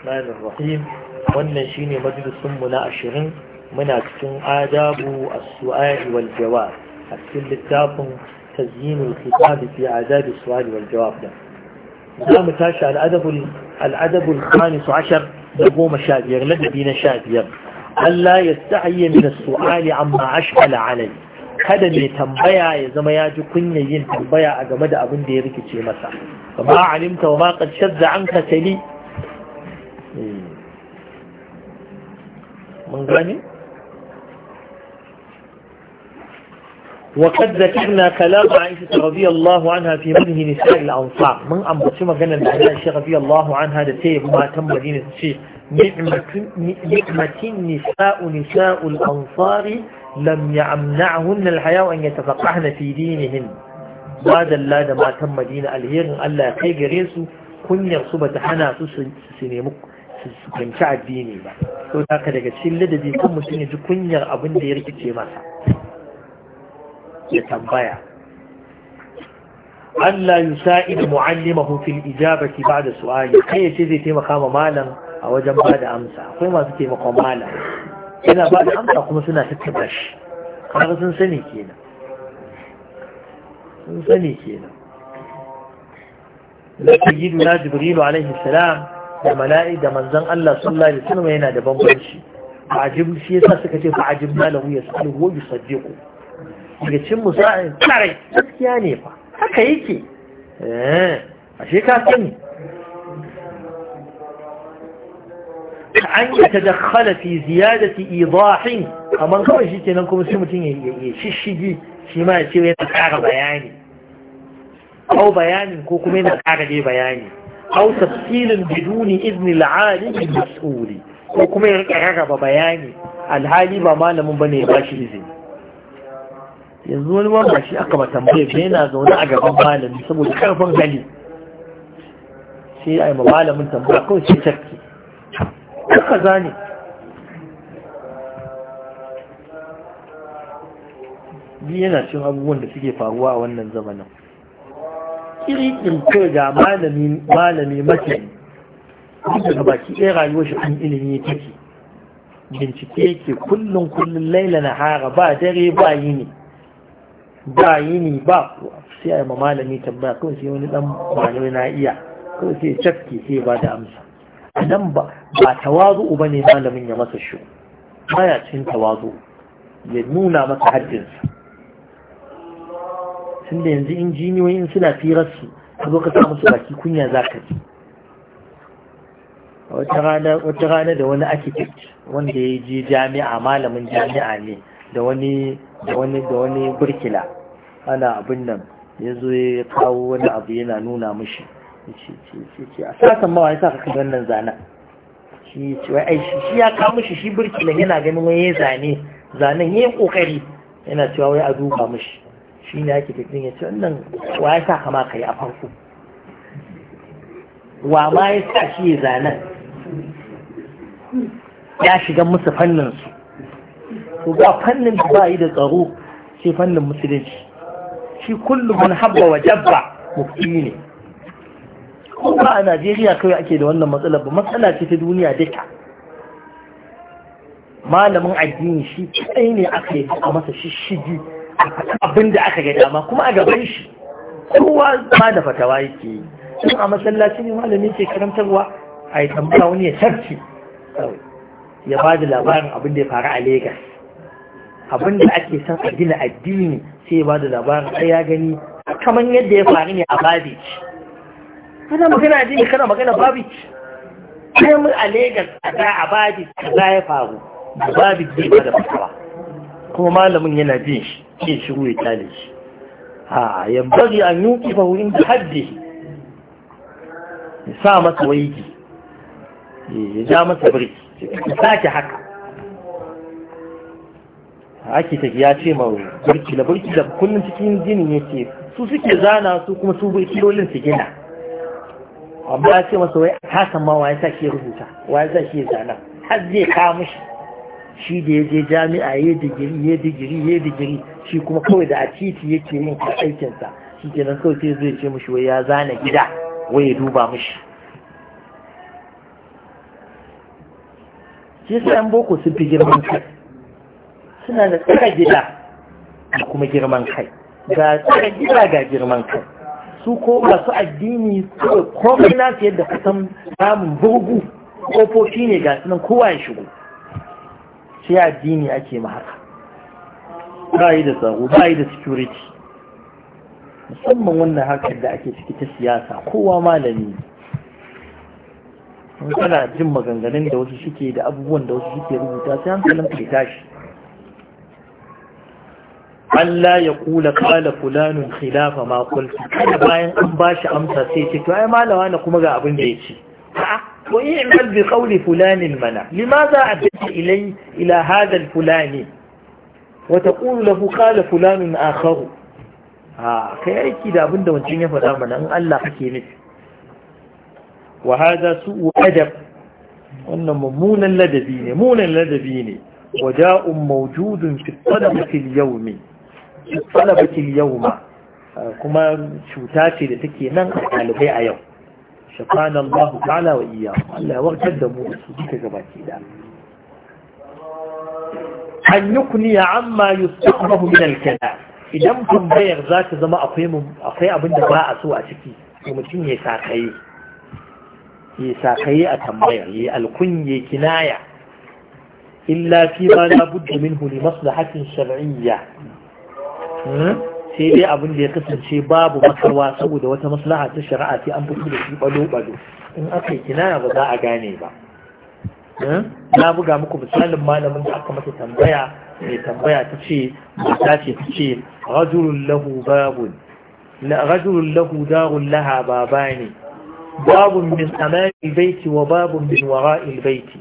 الرحمن الرحيم wannan shine majalisun mu na ashirin muna cikin adabu as-su'ali wal jawab a cikin littafin tazyinul khitab fi adab as-su'al wal jawab da zamu tashi al-adabul al-adabul khamis da goma sha biyar ladabi na sha biyar Allah ya sta'ayya min suali amma ashkala kada mai tambaya ya zama ya ji kunyar yin tambaya a game da abin da ya rikice masa ba alimta wa ma qad shadda anka tali mun da ta na kalama a isa rabi Allah wa ana fi manhi nisa'il amsa mun ambaci maganar da ya shi rabi Allah wa ana da ta yi matan madina ta ce ni'matin nisa'u nisa'ul ansari lam ya ya'amna'hun alhaya wa an yatafaqahna fi dinihin ba dalla da matan madina alherin Allah kai gare su kunyar su bata hana su su nemi su fahimci addini ba to haka daga cikin ladabi kan mutum ya ji kunyar abin da ya rikice masa ya tambaya Allah yusa'id mu'allimahu fil ijabati ba'da su'ali kai ce zai taimaka ma malam a wajen bada amsa akwai masu taimako malam yana bada amsa kuma suna tattaba shi kaga sun sani kenan sun sani kenan da sayyiduna jibrilu alaihi salam da mala'i da manzan Allah sallallahu alaihi mai yana da bambanci ajib shi yasa suka ce fa ajib malahu yasaluhu wa ku daga cin musa'in tsarai gaskiya ne fa haka yake eh ashe ka sani an yi da khalafi ziyadati idahin amma kawai shi kenan kuma shi mutum ya shishigi shi ma ya ce yana ƙara bayani ko bayanin ko kuma yana ƙara dai bayani أو تفصيل بدون إذن العالم المسؤول وكما يرغب بياني الحالي بما لم بني باشي إذن yanzu wani wanda shi aka ba tambaye ba yana zaune a gaban malami saboda karfin gani sai a yi ma malamin tambaya kawai sai sarki haka zane biyu yana cin abubuwan da suke faruwa a wannan zamanin ƙiriƙin kai ga malami mace duk da baki ɗaya rayuwar shi an ilimi take bincike ke kullum kullum laila na hara ba dare ba yini ba yini ba sai a yi ma malami tambaya kawai sai wani ɗan malami na iya kawai sai cafke sai ba da amsa a nan ba tawazu ba ne malamin ya masa shi ya cin tawazu ya nuna masa haddinsa tunda yanzu injiniyoyin suna su a zo ka samu su baki kunya za ka ji wata rana da wani architect wanda ya je jami'a malamin jami'a ne da wani da wani da wani burkila ana abin nan ya zo ya kawo wani abu yana nuna mishi a sasan mawa ya sa ka wannan zana. shi shi ya kawo mishi shi burkila yana ganin wani zane zanen ya yi kokari yana cewa wai a duba mishi shi ne ake tafiyin ya ce wannan wa ya sa kama ka yi a farko wa ma ya sa shi ya zanen ya shiga musu fannin su to ba fannin da ba yi da tsaro sai fannin musulunci shi kullum man habba wa jabba ne ko ba a Najeriya kawai ake da wannan matsalar ba matsala ce ta duniya duka malamin addini shi kai ne aka yi a masa shishigi abin da aka ga dama kuma a gaban shi kowa ba da fatawa yake yi a masallaci ne malami ke karantarwa a yi tambaya wani ya sarki ya ba da labarin abin da ya faru a Legas abin da ake son a gina addini sai ya ba da labarin sai ya gani kamar yadda ya faru ne a Babich kana magana addini kana magana Babich sai mu a Legas a da a Babich za ya faru Babich zai ba da fatawa kuma malamin yana jin shi ke shiru ya kyale shi a yabbari an yuki fa wurin da haddi ya sa masa waiki ya ja masa birki ya sake haka ake ta ya ce ma birki da birki da kullum cikin ginin ce, su suke zana su kuma su birkilolin su gina amma ya ce masa wai hasan ma wa ya sa ke rubuta wa ya sa shi zana har zai kawo shi da ya je jami'a ya digiri ya digiri ya digiri shi kuma kawai da a titi yake yin aikinsa shi ke nan kawai sai zai ce mushi wai ya zana gida wai ya duba mushi shi sa yan boko sun fi girman kai suna da tsaka gida da kuma girman kai ga tsaka gida ga girman kai su ko masu addini kawai komai nasu yadda kusan samun bugu kofofi ne ga sunan kowa ya shigo sai addini ake mahaka ba yi da tsaro ba yi da security musamman wannan hakan da ake ciki ta siyasa kowa malami in kana jin maganganun da wasu suke da abubuwan da wasu suke rubuta sai hankalin ka tashi Allah ya kula kala fulanun khilafa ma kulta kada bayan an bashi amsa sai ce to ai malawa na kuma ga abin da ya ce a'a وإعمل بقول فلان منا لماذا أتيت إلي إلى هذا الفلان وتقول له قال فلان آخر آه كي أيكي دا بند وانتين يفضل منا أن الله حكيمك وهذا سوء أدب أن مونا لدبين مونا لدبين وداء موجود في الطلبة اليوم في الطلبة اليوم كما شوتاتي لتكي نن ألبي أيوم shafan Allah ta'ala wa iya Allah ya warkar da mu su duka gabaki da hanyuku amma yustaqbahu min al-kala idan bayar za ta zama akwai mu abin da ba a so a ciki to mutum ya sakaye ya sakaye a tambayar ya alkunye kinaya illa fi ma la budda minhu li maslahatin shar'iyyah hmm? sai dai abin da ya kasance babu makarwa saboda wata maslaha ta shari'a sai an fito da shi balo-balo in aka kina ba za a gane ba na buga muku misalin malamin da aka masa tambaya mai tambaya ta ce mata ce ta ce rajulun lahu babun rajulun lahu darun laha baba ne babun min amami baiti wa babun min wara'il baiti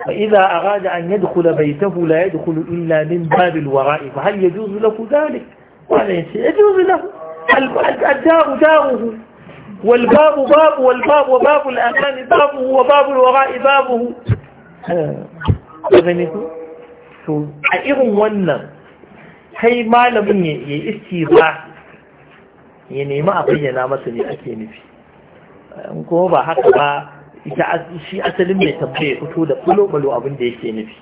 فإذا أراد أن يدخل بيته لا يدخل إلا من باب الوراء فهل يجوز له ذلك wanda ya ce ya juzu lahu الداء داؤه والباب باب والباب وباب الأمان بابه وباب الوراء بابه a irin wannan kai malamin ya yi istiza ya nemi a bayyana masa ne ake nufi eh, kuma ba haka ba ita shi asalin mai tambaye fito da bulo abin da yake nufi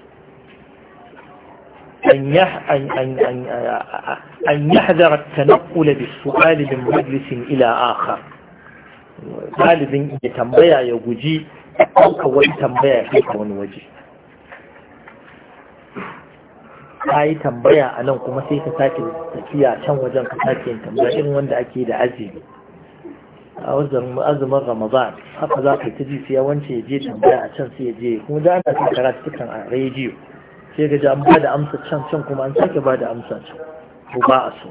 أن يحذر التنقل بالسؤال من مجلس إلى آخر ɗalibin ya tambaya ya guji ɗauka wani tambaya ya kai wani waje ka yi tambaya a nan kuma sai ka sake tafiya can wajen ka sake yin tambaya irin wanda ake da azumi a wajen azumin ramadan haka za ka yi ta ji sai wance ya je tambaya a can sai ya je kuma da ana kan karatu a rediyo sai ga ji an ba da amsa can can kuma an sake ba da amsa can ko ba a so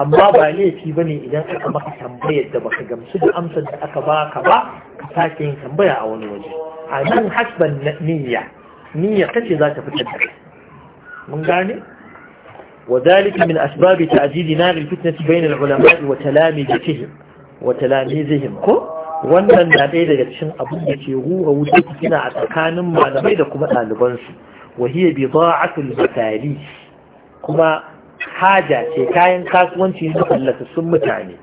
amma ba laifi ba ne idan aka maka tambayar da baka gamsu da amsa da aka baka ba ka sake yin tambaya a wani waje a nan hasban niyya niyya kace za ta fitar da mun gane وذلك من أسباب تعزيز نار الفتنة بين العلماء وتلامذتهم وتلاميذهم wannan na ɗaya daga cikin abin da ke rura wuce fitina a tsakanin malamai da kuma ɗalibansu wahiyar bida'atul mutane kuma haja ce kayan kasuwanci na tallata mutane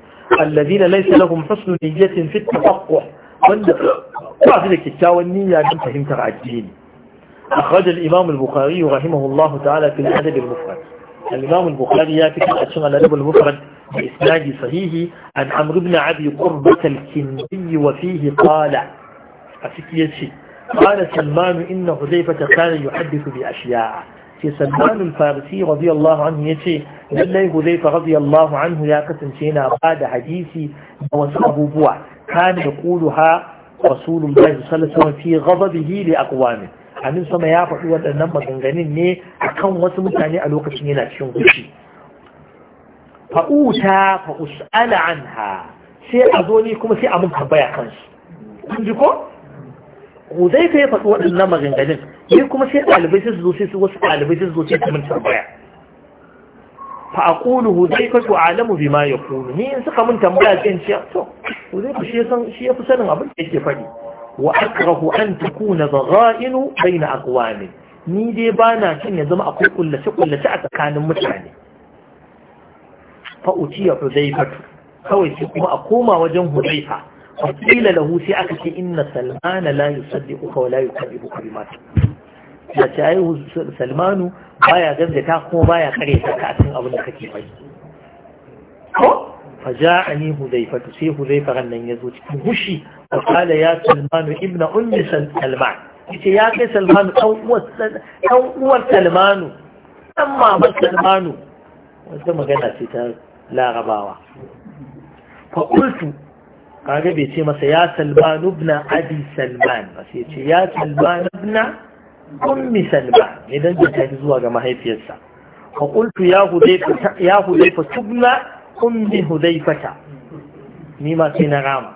allazina laysa lahum husnul niyyatin fi at-taqwa wanda ba da kyakkyawan niyya don fahimtar addini akhraj al-imam al-bukhari rahimahullah ta'ala fi al-adab al-mufrad al-imam bukhari ya fi cikin al-adab al-mufrad bi isnad sahih an amr ibn abi qurbah al-kindi wa fihi qala a cikin yace قال سلمان إن حذيفة كان يحدث بأشياء في سلمان الفارسي رضي الله عنه يتي لله حذيفة رضي الله عنه يا قسم شينا بعد حديثي وسأبو بوع كان يقولها رسول الله صلى الله عليه وسلم في غضبه لأقوامه amin sama ya faɗi waɗannan maganganun ne a kan wasu mutane a lokacin yana cikin gushi fa'uta fa'us'ala an ha sai a zo ni kuma sai a mun tambaya kansu kun ji ko huzaifa ya faɗi waɗannan maganganun ne kuma sai ɗalibai sai su zo sai su wasu ɗalibai sai su zo sai su mun tambaya fa aqulu huzaifa tu alamu bima yaqulu ni in suka mun tambaya sai in ce to huzaifa shi san shi yafi sanin abin da yake faɗi wa akrahu an takuna dhagha'in baina aqwamin ni dai bana kin ya zama akwai kullace kullace a tsakanin mutane fa utiya huzaifa kawai sai kuma a koma wajen huzaifa qila da sai aka ce inna salmana la yusaddiquka wa la yukadibuka bima ya ce ai salmanu baya gaskata kuma baya kare ta ka abin da kake bai ko فجاءني هذيفة سي هذيفة غنن يزوج بوشي وقال يا سلمان ابن أم سلمان kai يا كي سلمان Salmanu, سلمان mamar Salmanu. سلمان magana ce ta لا غباوة فقلت kaga bai ce masa ya salman ibn abi salman ba sai ce ya salman ibn ummi salman idan da ta zuwa ga mahaifiyarsa fa qultu ya hudayfa ya hudayfa tubna ummi ni ma sai na rama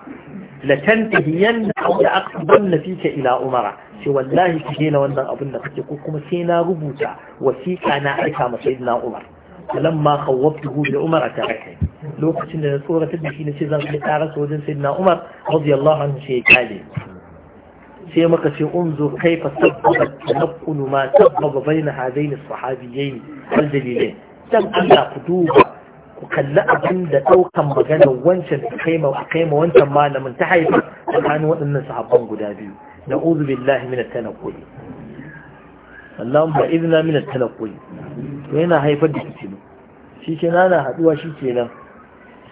la tantahiyan aw la aqbanna fika ila umara ce wallahi ki dena wannan abin da kake ko kuma sai na rubuta wasiƙa na aika ma sayyidina umar falamma khawwabtuhu bi umara tarakani lokacin da na tsoratar da shi na ce zan kai ƙararsa wajen na umar radiyallahu anhu sai ya kyale sai maka ce unzo kaifa sabbaba tanaqqulu ma sabbaba baina hadaini sahabiyyin wal dalilai dan Allah ku duba ku kalli abin da daukan maganar wancan kaima kaima wancan malamin ta haifa tsakanin waɗannan sahabban guda biyu na'udhu billahi min at-tanaqqul Allahumma idna min at-tanaqqul to yana haifar da kici shi kenan na haduwa shi kenan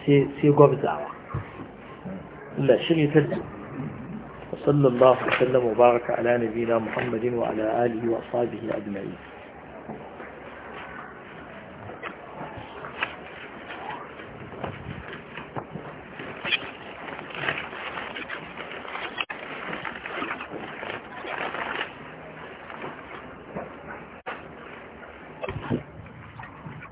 si gwamza ba da shirin tattalin sallallahu ala'adun wa baraka ala nabi na muhammadin wa ala'adun wa sabihin adinari